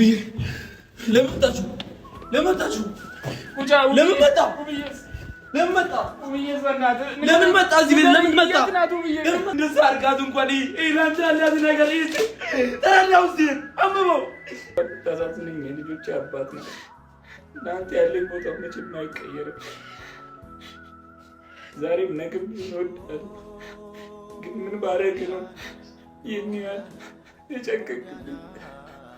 ውብዬ ለምን መጣችሁ? ለምን መጣችሁ? ለምን መጣ? ለምን መጣ? ለምን መጣ? እዚህ ቤት ለምን መጣ? እንደዚያ አድርጋት እንኳን ለአንተ ያላት ነገር ተረዳው። እዚህ አንብበው። ታሳዝነኝ። የልጆች አባት ለአንተ ያለኝ ቦታ መቼም አይቀየርም። ዛሬም ነገም ይወዳል። ግን ምን ባረግ ነው ይህን ያህል የጨንቀቅ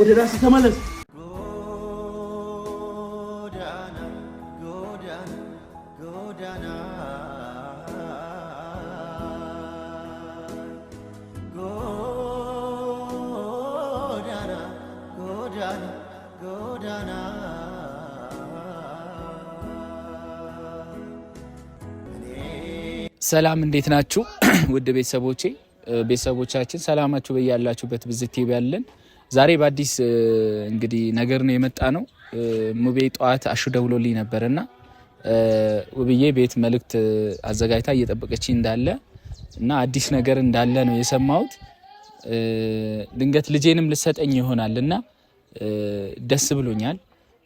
ወደ ራስ ተመለስ። ሰላም እንዴት ናችሁ? ውድ ቤተሰቦቼ ቤተሰቦቻችን ሰላማችሁ በያላችሁበት ብዝት ይበልን። ዛሬ በአዲስ እንግዲህ ነገር ነው የመጣ ነው። ሙቤ ጠዋት አሹ ደውሎልኝ ነበር እና ውብዬ ቤት መልእክት አዘጋጅታ እየጠበቀች እንዳለ እና አዲስ ነገር እንዳለ ነው የሰማሁት። ድንገት ልጄንም ልሰጠኝ ይሆናል እና ደስ ብሎኛል።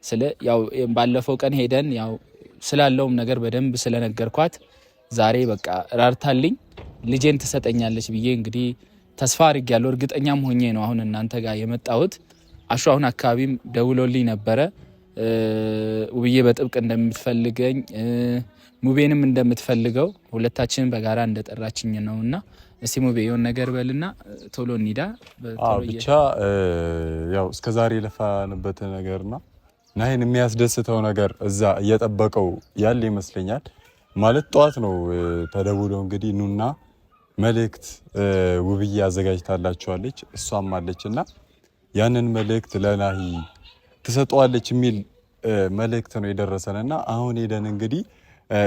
ስለ ያው ባለፈው ቀን ሄደን ያው ስላለውም ነገር በደንብ ስለነገርኳት ዛሬ በቃ ራርታልኝ ልጄን ትሰጠኛለች ብዬ እንግዲህ ተስፋ አድርጌያለሁ። እርግጠኛም ሆኜ ነው አሁን እናንተ ጋር የመጣሁት። አሹ አሁን አካባቢም ደውሎልኝ ነበረ ውብዬ በጥብቅ እንደምትፈልገኝ ሙቤንም እንደምትፈልገው ሁለታችንን በጋራ እንደጠራችኝ ነው እና እስቲ ሙቤ የሆን ነገር በልና ቶሎ እኒዳ ብቻ ያው እስከዛሬ የለፋንበት ነገርና ናይን የሚያስደስተው ነገር እዛ እየጠበቀው ያለ ይመስለኛል። ማለት ጠዋት ነው ተደውሎ እንግዲህ ኑና መልእክት ውብዬ አዘጋጅታላችኋለች እሷም አለች እና ያንን መልእክት ለናሂ ትሰጠዋለች የሚል መልእክት ነው የደረሰን እና አሁን ሄደን እንግዲህ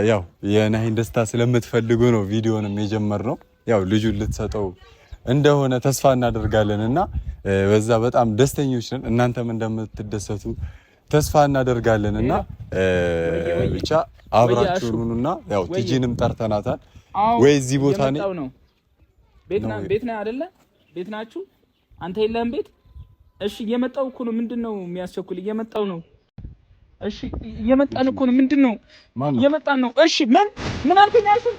ያው የናሂን ደስታ ስለምትፈልጉ ነው ቪዲዮንም የጀመርነው። ያው ልጁ ልትሰጠው እንደሆነ ተስፋ እናደርጋለን እና በዛ በጣም ደስተኞች ነን። እናንተም እንደምትደሰቱ ተስፋ እናደርጋለን እና ብቻ አብራችሁ ሁኑና ያው ቲጂንም ጠርተናታል ወይ እዚህ ቦታ ነው። ቤት ነህ አይደለ? ቤት ናችሁ። አንተ የለህም ቤት። እሺ፣ እየመጣሁ እኮ ነው። ምንድን ነው የሚያስቸኩል? እየመጣሁ ነው። እሺ፣ እየመጣን እኮ ነው። ምንድን ነው? እየመጣን ነው። እሺ፣ ምን ምን አልከኝ? አይሱን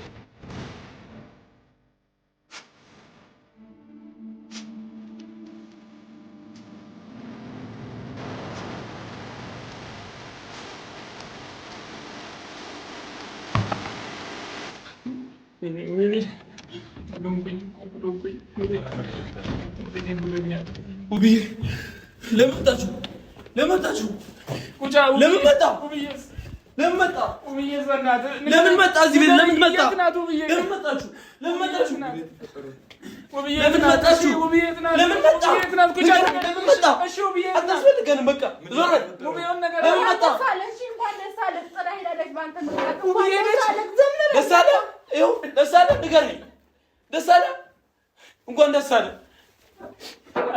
ለምን መጣችሁ? ለምን መጣችሁ? ለምን መጣ? ለምን መጣ? እዚህ ቤት ለምን መጣ? ለምን መጣችሁ? ለምን መጣችሁ? አታስፈልገንም። በቃ ዞር በል። ለምን መጣ? ደስ አለ። ንገረኝ። ደስ አለ። እንኳን ደስ አለ።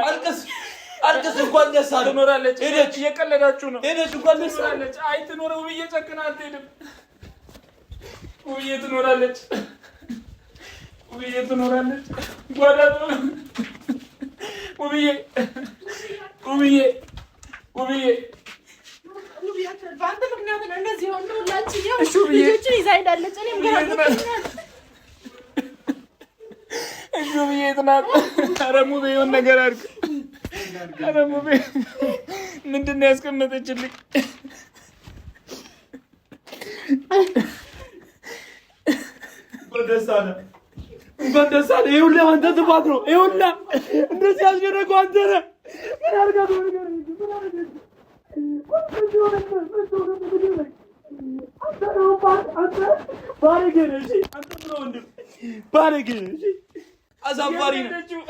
አልቅስ አልቅስ እንኳን ደስ አለ። ትኖራለች። ሄደች። እየቀለዳችሁ ነው። ሄደች። እንኳን ደስ አለች። አይ ትኖረ ውብዬ ጨክና አትሄድም። ውብዬ ትኖራለች። ውብዬ ትኖራለች። ጓዳ ውብዬ ውብዬ ውብዬ በአንተ ምክንያት ነው እንደዚህ ሆኖ ሁላችን ልጆችን ይዛ ሄዳለች። እኔም ጋር እሹ ብዬ ትናንት ኧረ ሙቤ የሆነ ነገር አድርግ ኧረ ሙቤ ምንድን ነው ያስቀመጠችልኝ? እንኳን ደስ አለ። አንተ ጥፋት ነው። እንደዚህ ያስደረገው አንተ ነህ። ምን አድርጋት ነው ባለጌ ነህ፣ ባለጌ ነህ፣ አሳፋሪ ነህ።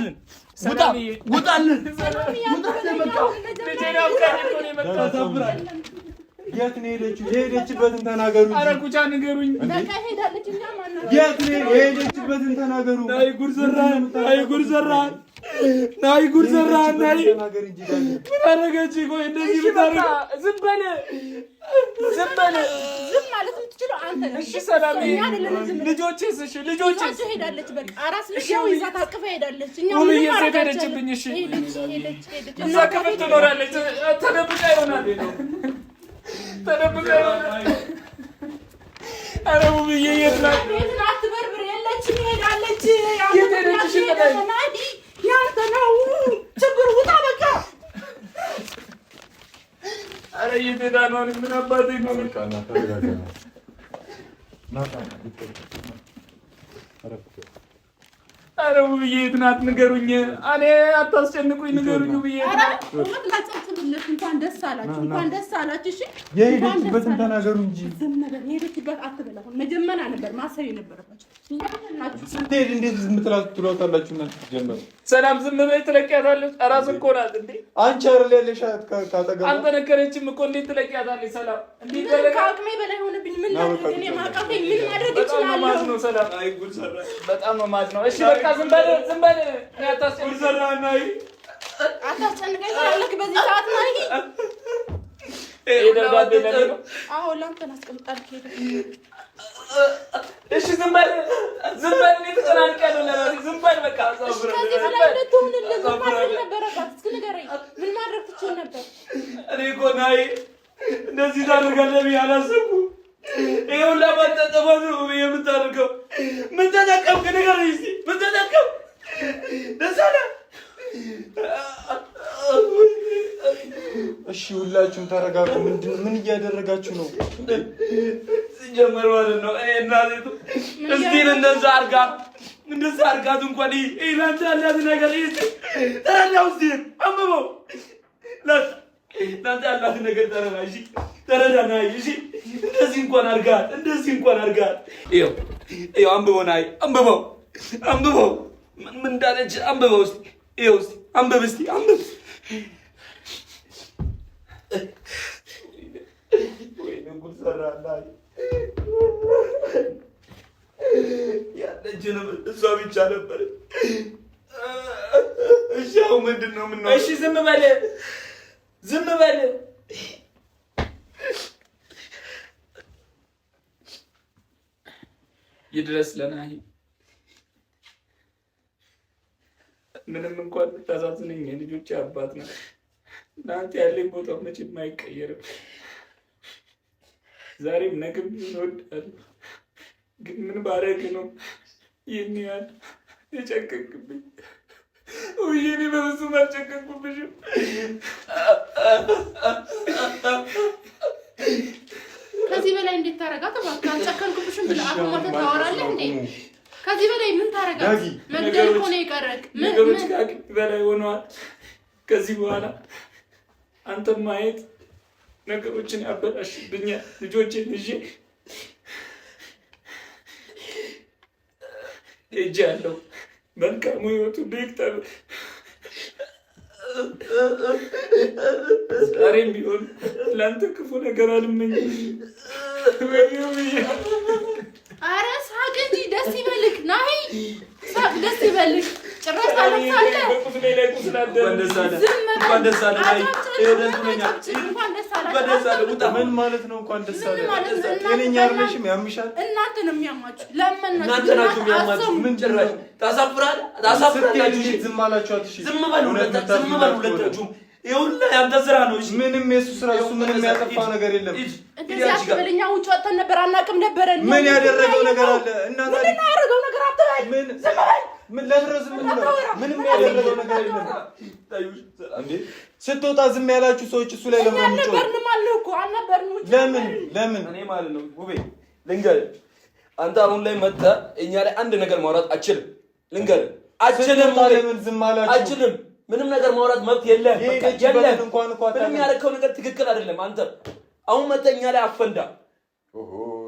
ውጣልን ውጣልን የሄደችበትን ተናገሩ። ኧረ ጉቻ ንገሩኝ። የት የሄደችበትን ተናገሩ። ናይ ጉድ ዘራህን፣ ናይ ጉድ ዘራህን፣ ናይ ጉድ ዘራህን። ናይ ምን አደረገች? ቆይ እንደዚህ ብታረግ ዝም በል፣ ዝም በል፣ ዝም ማለት የምትችለው አንተ ነህ። እሺ ሰላም፣ ልጆችስ? እሺ ልጆችስ? ሄዳለች፣ በቃ አራስ ልጅ ያው ይዛ ታቅፋ ሄዳለች። እኛ ምን ማለት እሺ እዛ ክፍል ትኖራለች፣ ተደብቃ ይሆናል፣ ተደብቃ ይሆናል። ኧረ ውብዬ የት ናት? አትበርብር፣ የለችም፣ ሄዳለች። የት ሄደች? ያንተ ነው ችግር፣ ውጣ በቃ አረ፣ የት ነው? ምን አባቴ ነው? አረ ውብዬ የት ናት? ንገሩኝ። እኔ አታስጨንቁኝ፣ ንገሩኝ ውብዬ እነሱ እንኳን ደስ አላችሁ፣ እንኳን ደስ አላችሁ። እሺ የሄደችበትን ተናገሩ እንጂ ዝም በል። የሄደችበት አትበል። አሁን መጀመሪያ ነበር ማሰብ የነበረባችሁ። ስትሄድ እንዴት ዝም ትሏታላችሁ? እና ጀመረ ሰላም ዝም በይ ትለቂያታለች። እራስ እኮ ናት እንዴ አንቺ አይደል ያለሽ ካጠገብ አልተነገረችም እኮ እንዴት ትለቂያታለች? ሰላም እንዴት ከአቅሜ በላይ ሆነብኝ። ምን ላድርግ እኔ ማቃተኝ። ምን ማድረግ እችላለሁ? ሰላም በጣም ነው ማለት ነው። እሺ በቃ ዝም በል ዝም በል ያታስ አታስጨንቀኝ ትላለህ በዚህ ሰዓት ማሂ። አዎ ላንተን አስቀምጣልህ። እሺ ዝም በል ዝም በል፣ እኔ ተጨናንቄያለሁ። ለራሴ ዝም በል በቃ። ከዚህ በላይ ሁለቱ ምን ማድረግ ነበረባት? እስኪ ንገረኝ፣ ምን ማድረግ ትችል ነበር? እኔ እኮ ናሂ እንደዚህ ታደርጋለህ ብዬ አላሰብኩም። ይሄ ሁላ ማጣጠፋ ነው የምታደርገው። ምን ተጠቀምክ? ንገረኝ እስኪ ምን ተጠቀምክ? ደስ አለህ እሺ ሁላችሁም ተረጋጉ። ምንድን ምን እያደረጋችሁ ነው? ሲጀመር ማለት ነው እናቱ እስቲን እንደዛ አርጋ እንደዛ አርጋት እንኳን ይሄ ላንተ ያላት ነገር ስ ተረዳው። እስቲን አንብበው ላንተ ያላት ነገር ተረዳ። እሺ ተረዳና እሺ። እንደዚህ እንኳን አርጋት እንደዚህ እንኳን አርጋት ይኸው ይኸው አንብበው ናይ አንብበው አንብበው ምን እንዳለች አንብበው እስቲ ይኸው እስኪ አንብብ፣ እስኪ ያለችንም እሷ ብቻ እሺ አሁን ምንድን ነው የምናወራው? እሺ ዝም በል ዝም በል። ይድረስ ለናሂ ምንም እንኳን ታሳዝነኝ የልጆች አባት ነው። እናንተ ያለኝ ቦታ መቼም አይቀየርም። ዛሬም ነገም እወድሃለሁ። ግን ምን ባረግ ነው ይህን ያህል የጨቀቅብኝ? ውይ እኔ በብዙም አልጨቀቅኩብሽም። ከዚህ በላይ እንዴት ታረጋት? አልጨከንኩብሽም ብለህ አሁን ማታ ታወራለህ እንዴ? ከዚህ በላይ ምን ታረጋት? መግደል ሆነ ማድረግ ነገሮች ከአቅሜ በላይ ሆነዋል። ከዚህ በኋላ አንተም ማየት ነገሮችን ያበላሽብኛል። ልጆችን ይዤ እጅ ያለው መልካሙ ህይወቱ ቢክተር ዛሬም ቢሆን ለአንተ ክፉ ነገር አልመኝም። ኧረ ሳቅ እንጂ ደስ ይበልክ ናሂ፣ ሳቅ ደስ ይበልክ። ምን ማለት ነው? እንኳን ደስ አለ። ጤነኛ አይደለሽም፣ ያምሻል። እናንተ ነው የሚያማችሁ፣ እናንተ ናችሁ የሚያማችሁ። ምን ጭራሽ ታሳፍራለህ፣ ታሳፍራላችሁ። ዝም አላችኋት። ዝም በሉ ሁለታችሁም። ይሄ ሁላ ያንተ ስራ ነው። እሺ ምንም የሱ ስራ እሱ ምንም ያጠፋ ነገር የለም። እንደዚህ አትበለኛ። ውጭ ወጥተን ነበር፣ አናውቅም ነበረ። ምን ያደረገው ነገር አለ? እናንተ ምን ያደረገው ነገር አትበል። ዝም በል ምንም ያደረገው ነገር የለም። ስትወጣ ዝም ያላችሁ ሰዎች እሱ ላይ ለምን ለምን ለምን እኔ ማለት ነው ውቤ ልንገርህ፣ አንተ አሁን ላይ መጥተህ እኛ ላይ አንድ ነገር ማውራት አችልም። ልንገርህ አችልም፣ ለምን ዝም አላችሁ? አችልም ምንም ነገር ማውራት መብት የለም። ምንም ያደረግከው ነገር ትክክል አይደለም። አንተ አሁን መጥተህ እኛ ላይ አፈንዳ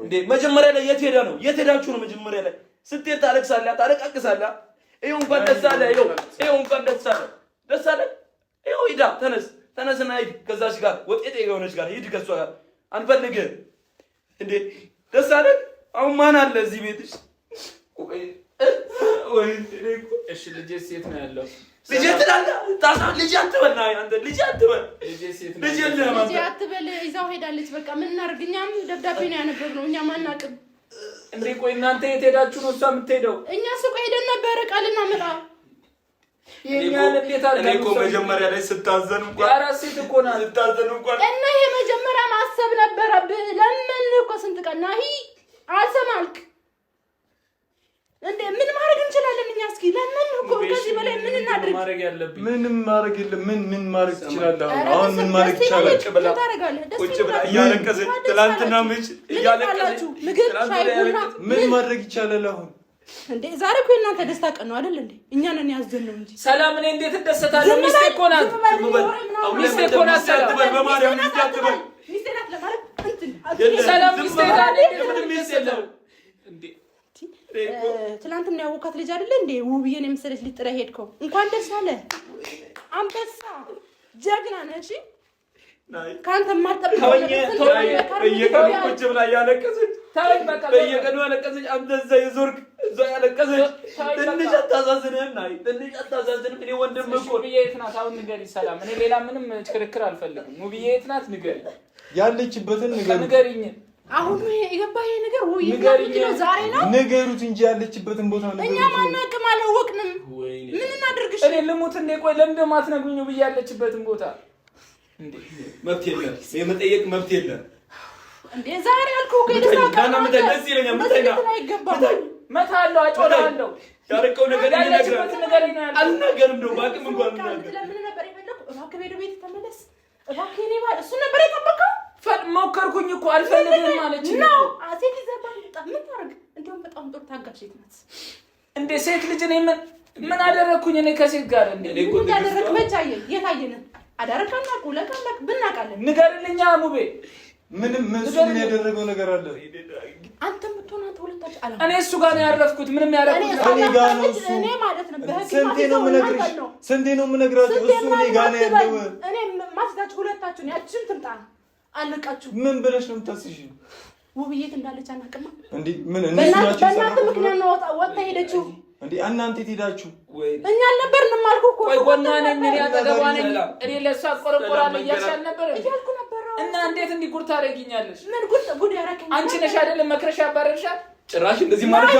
እንዴ! መጀመሪያ ላይ የት ሄዳ ነው? የት ሄዳችሁ ነው? መጀመሪያ ላይ ስትሄድ ታለቅሳለህ፣ ታለቃቅሳለህ ይኸው እንኳን ደስ አለ። ይኸው እንኳን ደስ አለ። ደስ አለ። ይኸው ሂዳ ተነስ፣ ተነስና ሂድ። ከዛች ጋር ወጤጤ የሆነች ጋር ሂድ። ከሷ ጋር አንፈልግህ እንዴ። ደስ አለ። አሁን ማን አለ እዚህ ቤትሽ? እሺ ልጄ ሴት ነው ያለው ልጄ አትበል። ይዛው ሄዳለች። በቃ ምን እናድርግ? እኛም ደብዳቤ ነው ያነበብነው እኛም አናውቅም እንዴ ቆይ እናንተ የት ሄዳችሁ ነው እሷ የምትሄደው? እኛ ሱቅ ሄደን ነበር ዕቃ ልናመጣ። የኛን እንዴት አለ እኮ መጀመሪያ ላይ ስታዘን እንኳን አራስ ሴት እኮ ናት ስታዘን እንኳን እና ይሄ መጀመሪያ ማሰብ ነበረብህ። ለምን እኮ ስንት ቀን ናሂ አልሰማልክ እንዴ ምን ማድረግ እንችላለን እኛ? እስኪ ለምን እኮ ከዚህ በላይ ምን እናድርግ? ማድረግ ያለብኝ ምንም ማድረግ የለም። ምን ምን ማድረግ ትችላለህ? አሁን ምን ማድረግ ይቻላል? ቁጭ ብላ እያለቀሰች ትናንትና ምጭ እያለቀሰች ምግብ ሻይ ቡና ምን ማድረግ ይቻላል አሁን እንዴ ዛሬ እኮ የእናንተ ደስታ ቀን ነው አይደል? እንዴ እኛ ነን ያዘን ነው እንጂ ሰላም፣ እኔ እንዴት እደሰታለሁ? ሚስቴ እኮ ናት፣ ሚስቴ እኮ ናት። ሳትበል በማርያም ሚስቴ ናት አትበል። ሰላም ሚስቴ ናት። ምንም ሚስት የለም እንዴ ትናንትና ያወካት ልጅ አይደለ እንዴ? ውብዬን የመሰለች ልጥረ ሄድከው። እንኳን ደስ አለ አንበሳ፣ ጀግና ነህ። ከአንተ የማልጠብቀው በየቀኑ ቁጭ ብላ ያለቀሰች በየቀኑ ያለቀሰች አንተ እዛ የዞርክ እዛ ያለቀሰች ትንሽ አታዛዝንህም? ናይ ትንሽ አታሳዝንም? እኔ ወንድም እኮ ውብዬ የት ናት? አሁን ንገሪኝ። ሰላም፣ እኔ ሌላ ምንም ክርክር አልፈልግም። ውብዬ የት ናት? ንገሪኝ፣ ያለችበትን ንገሪኝ። አሁን የገባ ይሄ ነገር ወይ ዛሬ ነው ነገሩት እንጂ ያለችበትን ቦታ ነው። እኛ ማናቅም አላወቅንም። ምን እናድርግሽ? እኔ ልሙት እንዴ? ቆይ ለምን እንደማትነግሩኝ ብዬ ያለችበትን ቦታ መብት የለም፣ የመጠየቅ መብት የለም እንዴ? ዛሬ አልኩህ እኮ እመታለሁ፣ አጮላለሁ። ያረቀው ነገር ነገር አልናገርም ነው ባቅም እንኳን ለምን ነበር የፈለኩ እባክህ ቤት ተመለስ እባክህ። እኔ እሱ ነበር የጠበቀው ሞከርኩኝ እኮ አልፈልግም አለች። ነው ሴት ይዘህ ባልመጣ ምን ታደርግ? እንዲያውም በጣም ጥሩ ታጋሽ ሴት ናት። እንዴ ሴት ልጅ እኔ ምን ምን አደረግኩኝ? እኔ ከሴት ጋር እንዴ እንዳደረግ መቻየ የታየንን አዳረካና ቁለካላክ ብናቃለን። ንገርልኛ ሙቤ ምንም ምን ያደረገው ነገር አለ? አንተ የምትሆን አንተ አላ እኔ እሱ ጋር ነው ያረፍኩት። ምንም ያረፍኩት እኔ ጋር ነው እሱ እኔ ማለት ነው። ስንቴ ነው የምነግርሽ? ስንቴ ነው የምነግራችሁ? እሱ እኔ ጋር ነው ያለው። እኔ ማስታችሁ ሁለታችሁ ያችን ትምጣ አለቃችሁ ምን ብለሽ ነው የምታስሽ? ውብዬት እንዳለች አናውቅማ። እንዴ ምን በእናንተ ምክንያት ነው ወጣ ወጣ ሄደችው? እንዴ እናንተ የት ሄዳችሁ? እኛ አልነበርንም አልኩህ እኮ። ወይ ጎና ነኝ እኔ አጠገቧ ነኝ እኔ ለእሷ ቆረቆራለሁ እያልሽ አልነበረ እያልኩ ነበር። እና እንዴት እንዲህ ጉድ ታደርጊኛለሽ? ምን ጉድ ጉድ ያደረገኝ አንቺ ነሽ አይደለም? መክረሻ አባረርሻል። ጭራሽ እንደዚህ ማድረግ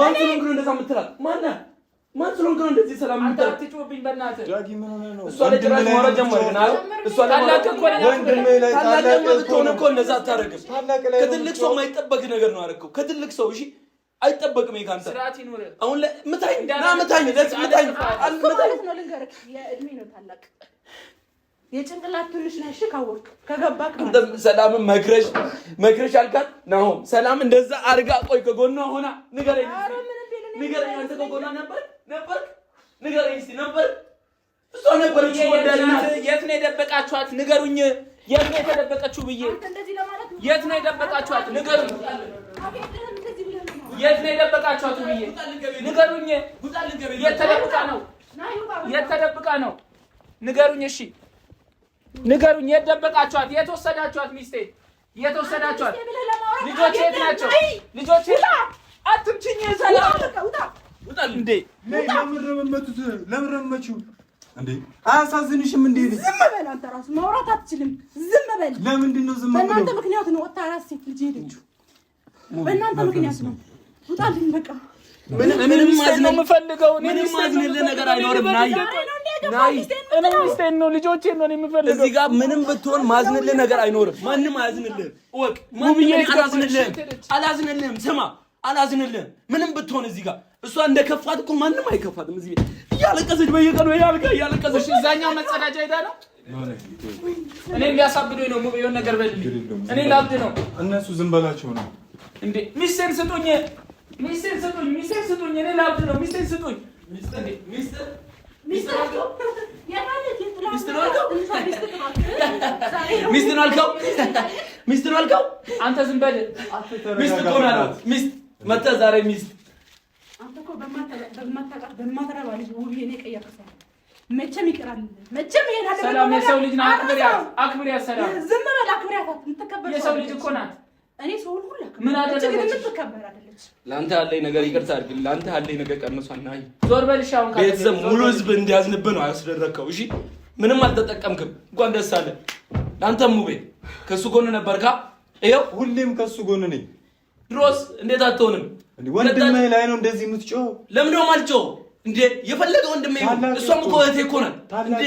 ማን ነው እንደዛ የምትላት ማና ማን ስለሆንክ ነው እንደዚህ ሰላም አንተ በእናትህ ዳጊ። ምን ሆነህ ነው? እሷ ላይ ጭራሽ እንደዛ አታደርግም። ከትልቅ ሰው የማይጠበቅ ነገር ነው ያደረገው። ከትልቅ ሰው እሺ፣ አይጠበቅም። ይሄ ከአንተ አሁን ምታኝ ና ምታኝ ምታኝ ማለት ነው። ልንገርህ፣ የእድሜ ነው ታላቅ የጭንቅላት ትንሽ ነሽ ካወቅ ከገባክ ሰላምን መክረሽ መክረሽ አልካት ናሆም። ሰላም እንደዛ አድርጋ ቆይ ከጎኗ ሆና ንገረኝ፣ ንገረኝ አንተ ከጎኗ ነበር ነበር ንገረኝ እስቲ ነበር እሷ ነበረች የት ነው የደበቃችኋት ንገሩኝ የት ነው የተደበቀችው ብዬ የት ነው የደበቃችኋት ንገሩኝ የት ነው የደበቃችኋት ብዬ ንገሩኝ የት ነው የት ነው ንገሩኝ እሺ ንገሩኝ የት ደበቃችኋት ሚስቴ የት ወሰዳችኋት ልጆች የት ናቸው ልጆች አትምችኝ ሰላም እንዴ ለምን ረመመቱት? አያሳዝንሽም? እንዴ ዝም በል አንተ ራስህ ማውራት አትችልም። ዝም በል። ለምንድን ነው ዝም በእናንተ ምክንያት ነው ወጣ አራት ሴት ልጅ ሄደችው። በእናንተ ምክንያት ነው። ውጣልኝ በቃ። ምንም ነው የምፈልገው። ምንም ማዝንልህ ነገር አይኖርም። ናይ እኔ ሚስቴን ነው ልጆቼን ነው የምፈልገው። እዚህ ጋር ምንም ብትሆን ማዝንልህ ነገር አይኖርም። ማንም አያዝንልህም። እወቅ። ማንም አላዝንልህም። አላዝንልህም። ስማ አላዝንልህም ምንም ብትሆን እዚህ ጋር እሷ እንደ ከፋት እኮ ማንም አይከፋትም። እዚህ ቤት እያለቀሰች በየቀኑ ያልጋ እያለቀሰች እዛኛው መጸዳጃ ሄዳ ነው። እኔ ሊያሳብዶኝ ነው። የሆነ ነገር በል እኔ ላብድ ነው። እነሱ ዝም በላቸው ነው እንዴ? ሚስቴን ስጡኝ፣ ሚስቴን ስጡኝ፣ ሚስቴን ስጡኝ። እኔ ላብድ ነው። ሚስቴን ስጡኝ። ሚስት ነው አልከው? አንተ ዝም በል ሚስት መተህ ዛሬ ሚስት አንተ እኮ በማታውቃት በማትረባ ልጅ ውብ እኔ ቀየርኩት። መቼም መቼም ሰላም የሰው ልጅ ናት። አክብሪያት፣ አክብሪያት። ሰላም ዝም በል አክብሪያት። የምትከበር የሰው ልጅ እኮ ናት። እኔ ሰው ሁሉ ምን አደረገች? የምትከበር አይደለች። ለአንተ ያለኝ ነገር ይቅርታ አድርግልኝ። ለአንተ ያለኝ ነገር ቀንሷል። ዞር አሁን ቤተሰብ ሙሉ ህዝብ እንዲያዝንብህ ነው ያስደረግከው። እሺ ምንም አልተጠቀምክም። እንኳን ደስ አለ ለአንተም። ውቤ ከእሱ ጎን ነበርካ። ይኸው ሁሌም ከእሱ ጎን ነኝ ድሮስ እንዴት አትሆንም? ወንድሜ ላይ ነው እንደዚህ የምትጮኸው። ለምን ነው የማልጮኸው? እንዴ የፈለገ ወንድሜ ይሁን፣ እሷም እኮ እህቴ እኮ ናት። እንዴ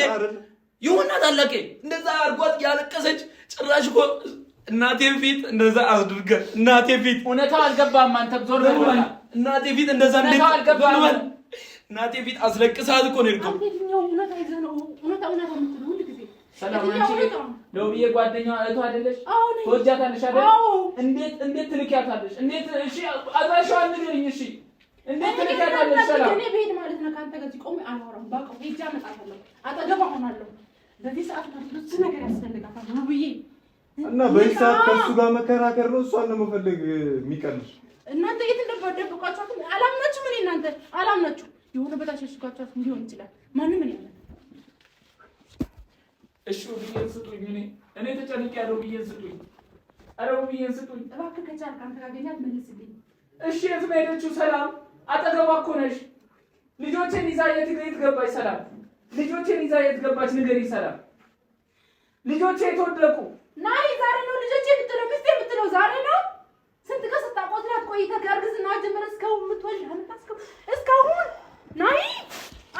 ይሁንና ታላቄ እንደዛ አርጓት ያለቀሰች ጭራሽ እኮ እናቴ ፊት እንደዛ አድርገ እናቴ ፊት እውነታው አልገባህም። አንተ ዞር ብለህ እናቴ ፊት እንደዛ እንዴት እናቴ ፊት አስለቅሳት እኮ ነው ሰላም አንቺ ነው ብዬ ጓደኛዋ እህቷ አይደለሽ? ተወጃታለሽ አይደል? እንዴት እንዴት ትልኪያታለሽ? እንዴት እሺ፣ አድራሻዋን ንገሪኝ። እሺ፣ እንዴት ትልኪያታለሽ? ሰላም እኔ ብሄድ ማለት ነው ከአንተ ጋር ቆሜ አላወራም። ባውቀው ሄጄ አመጣታለሁ፣ አጠገቧ ሆናለሁ። በዚህ ሰዓት ማለት ብዙ ነገር ያስፈልጋታል ነው እና በዚህ ሰዓት ከእሱ ጋር መከራከር ነው እሷን ነው መፈለግ የሚቀልሽ። እናንተ የት እንደባደ አላምናችሁም። እኔ እናንተ አላምናችሁም። የሆነ በታሽ እሱ ጋር ይችላል ማንም እኔ እሺ ውብዬን ስጡኝ፣ እኔ እኔ ያለው ውብዬን ስጡኝ፣ ኧረ ውብዬን ስጡኝ እባክህ። ከቻልክ አንተ ካገኛት መልስልኝ። እሺ የት ነው የሄደችው? ሰላም አጠገቧ እኮ ነሽ። ልጆቼን ይዛ የት ገባች? ሰላም ልጆቼን ይዛ የት ገባች? ንገሪኝ ሰላም። ልጆቼ የተወደቁ ናይ ዛሬ ነው ልጆቼ የምትለው ሚስቴ የምትለው ዛሬ ነው። ስንት ቀን ስታቆስላት ቆይተህ ከእርግዝና ጀምረህ እስካሁን የምትወልድ እስካሁን ናይ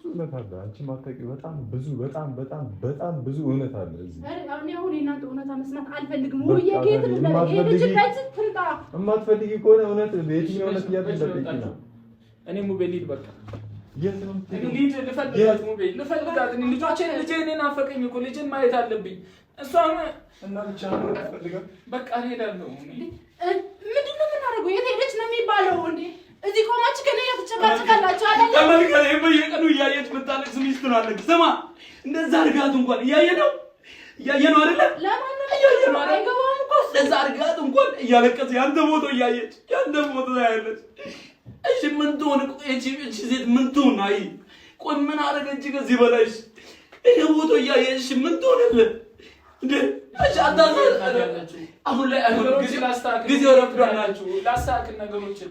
ብዙ እውነት አለ። አንቺ የማታውቂው በጣም ብዙ በጣም በጣም በጣም ብዙ እውነት አለ እዚህ። አሁን የእናንተ እውነት መስማት አልፈልግም። የማትፈልጊ ከሆነ እውነት የትኛው እውነት እያለ ነው? እኔ ሙቤል ልፈልጋት ማየት አለብኝ። እሷን እና ብቻ በቃ እሄዳለሁ። ምንድን ነው የምናደርገው? የት ሄደች ነው የሚባለው እንዴ? እዚህ ቆማችሁ ከኔ ጋር ትጨቃጨቃላችሁ በየቀኑ እያየች የምታለቅስ ሚስት ነው አለች። ስማ እንደዛ አድርጋት እንኳን እያየ ነው እያየ ነው አይደለ? እንደዛ አድርጋት እንኳን እያለቀሰ ያንተ ፎቶ እያየች ያንተ ፎቶ ያለች። እሺ ምን ትሆን? እቺ ሴት ምን ትሆን? አይ ቆይ ምን አደረገች ከዚህ በላይሽ? ይሄ ፎቶ እያየሽ ምን ትሆንልህ? አሁን ላይ ጊዜ ረፍዷል ናችሁ ላሳክል ነገሮችን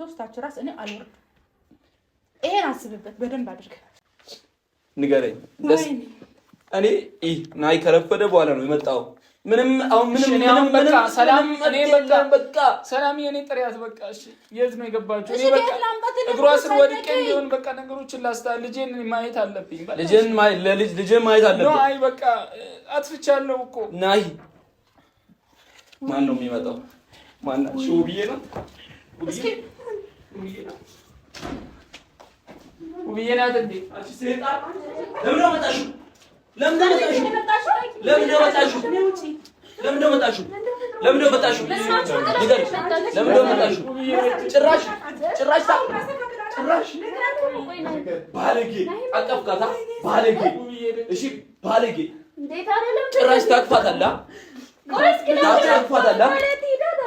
ሶስታችሁ ራስ እኔ አልወርድ። ይሄን አስብበት በደንብ አድርገ ንገረኝ። እኔ ይህ ናይ ከረፈደ በኋላ ነው የመጣው። ምንም አሁን ምንም ምንም በቃ ሰላም እኔ በቃ በቃ ሰላም የኔ ጥሪያት በቃ እሺ፣ የት ነው የገባችሁ? እኔ በቃ እግሯ ስር ወድቄ ቢሆን በቃ ነገሮችን ላስታ ልጄን ማየት አለብኝ። በቃ ልጄን ማየት ለልጅ ልጄን ማየት አለብኝ። ነው አይ በቃ አትፍቻለሁ እኮ ናይ ማን ነው የሚመጣው? ማን ነው? ውብዬ ነው። ውብዬ ናት እንዴ? ለምን አመጣሽው? ለምን አመጣሽው? ለምን አመጣሽው? ለምን አመጣሽው? ጭራሽ ጭራሽ ባለጌ አቀፍካታ ባለጌ። እሺ ባለጌ ጭራሽ ታቅፋታለህ፣ ታቅፋታለህ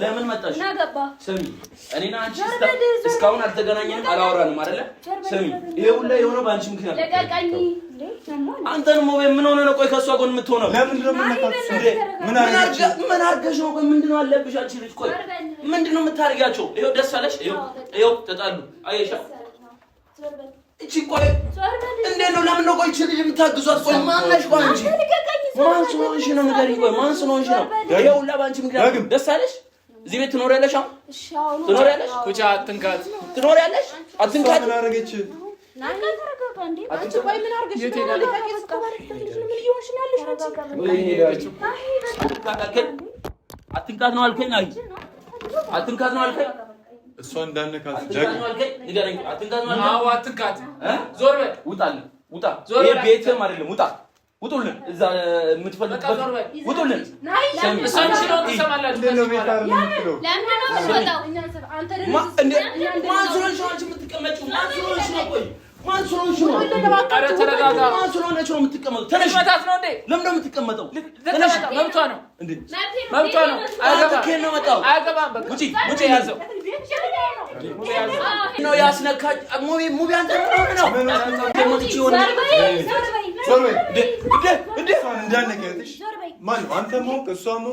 ለምን መጣሽ? ስሚ፣ እኔና አንቺ እስካሁን አልተገናኘንም፣ አላወራንም አይደለ? ስሚ፣ ይሄ ሁላ የሆነው በአንቺ ምክንያት። አንተን ምን ሆነ ነው? ቆይ ከእሷ ጎን የምትሆነው ምን አርገሽ ነው? ቆይ ምንድን ነው አለብሽ? አንቺ ልጅ ቆይ ምንድን ነው የምታደርጊያቸው? ይኸው ደስ አለሽ፣ ይኸው ተጣሉ። አየሻ እቺ ቆይ እንዴት ነው? ለምን ነው ቆይ እቺ ልጅ የምታግዟት? ቆይ ማነሽ? ቆይ አንቺ ማን ስለሆንሽ ነው? ንገሪኝ። ቆይ ማን ስለሆንሽ ነው? ይኸው ሁላ በአንቺ ምክንያት ደስ አለሽ እዚህ ቤት ትኖሪያለሽ? አሁን ትኖሪያለሽ? ኩቻ አትንካት። ትኖሪያለሽ? አትንካት። ምን አደረገች? አትንካት ነው አልከኝ። አይ አትንካት ነው አልከኝ። እሷ እንዳነካት አትንካት ነው አልከኝ። አዎ አትንካት። ዞር በል ውጣ፣ ውጣ። ይሄ ቤትም አይደለም ውጣ ውጡልን! እዛ የምትፈልጉበት ውጡልን! ሰሚ ማን ስለሆነች ነው? ማን ስለሆነች ነው የምትቀመጠው? ተነሽ። መታት ነው እንዴ? ለምን ነው የምትቀመጠው? ተነሽ። መብቷ ነው እንዴ? መብቷ ነው። አያገባም። በቃ ውጪ፣ ውጪ። ያዘው ነው ያስነካች። ሙቢ፣ ሙቢ፣ አንተ ነው ነው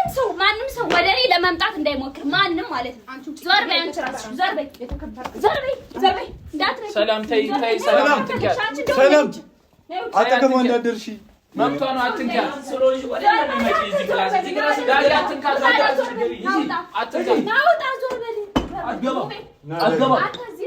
ማንም ሰው ማንም ሰው ወደ እኔ ለመምጣት እንዳይሞክር ማንም ማለት ነው። ዞር በይ አንቺ እራስሽ ዞር በይ ዞር በይ ዞር በይ እንዳትረጂ። ሰላም ተይ ተይ ሰላም ትንኪያት ሰላም አጠገቧ እንዳትደርሺ መምቷ ነው። አትንኪያት ወደ እኔ እዚህ ክላስ እዚህ ክላስ ዳግሪ አትንካት። አትንካት ናውጣ ዞር አትገባ አትገባ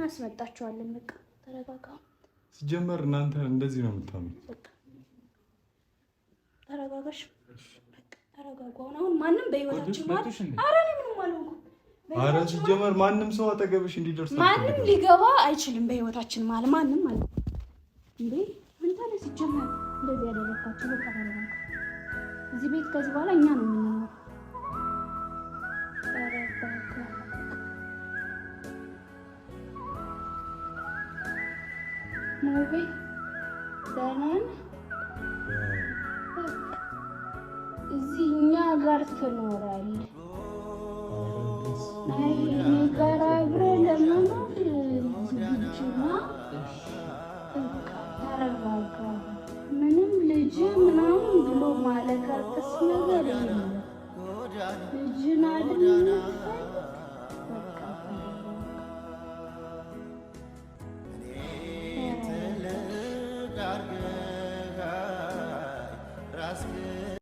እናስመጣችኋለን። በቃ ተረጋጋ። ሲጀመር እናንተ እንደዚህ ነው የምታምኑ። ተረጋጋሽ፣ ተረጋጋውን። አሁን ማንም በህይወታችን ማለት ኧረ ምንም አልሆንኩም። አረ ሲጀመር ማንም ሰው አጠገብሽ እንዲደርስ ማንም ሊገባ አይችልም። በህይወታችን ማለ ማንም አለ እንዴ ምን ታለ ሲጀመር እንደዚህ ያደረጋችሁ በቃ ተረጋጋ። እዚህ ቤት ከዚህ በኋላ እኛ ነው የምንኖር። ተረጋጋ ሞቤ ደህና ነህ? ጋር ትኖራል አይ እኔ ጋር አብረህ ለመኖር ዝግጁ ነህ? ተረጋጋ። ምንም ልጅ ምናምን ብሎ ማለቃቀስ ነገር የለም። ልጅን አይደል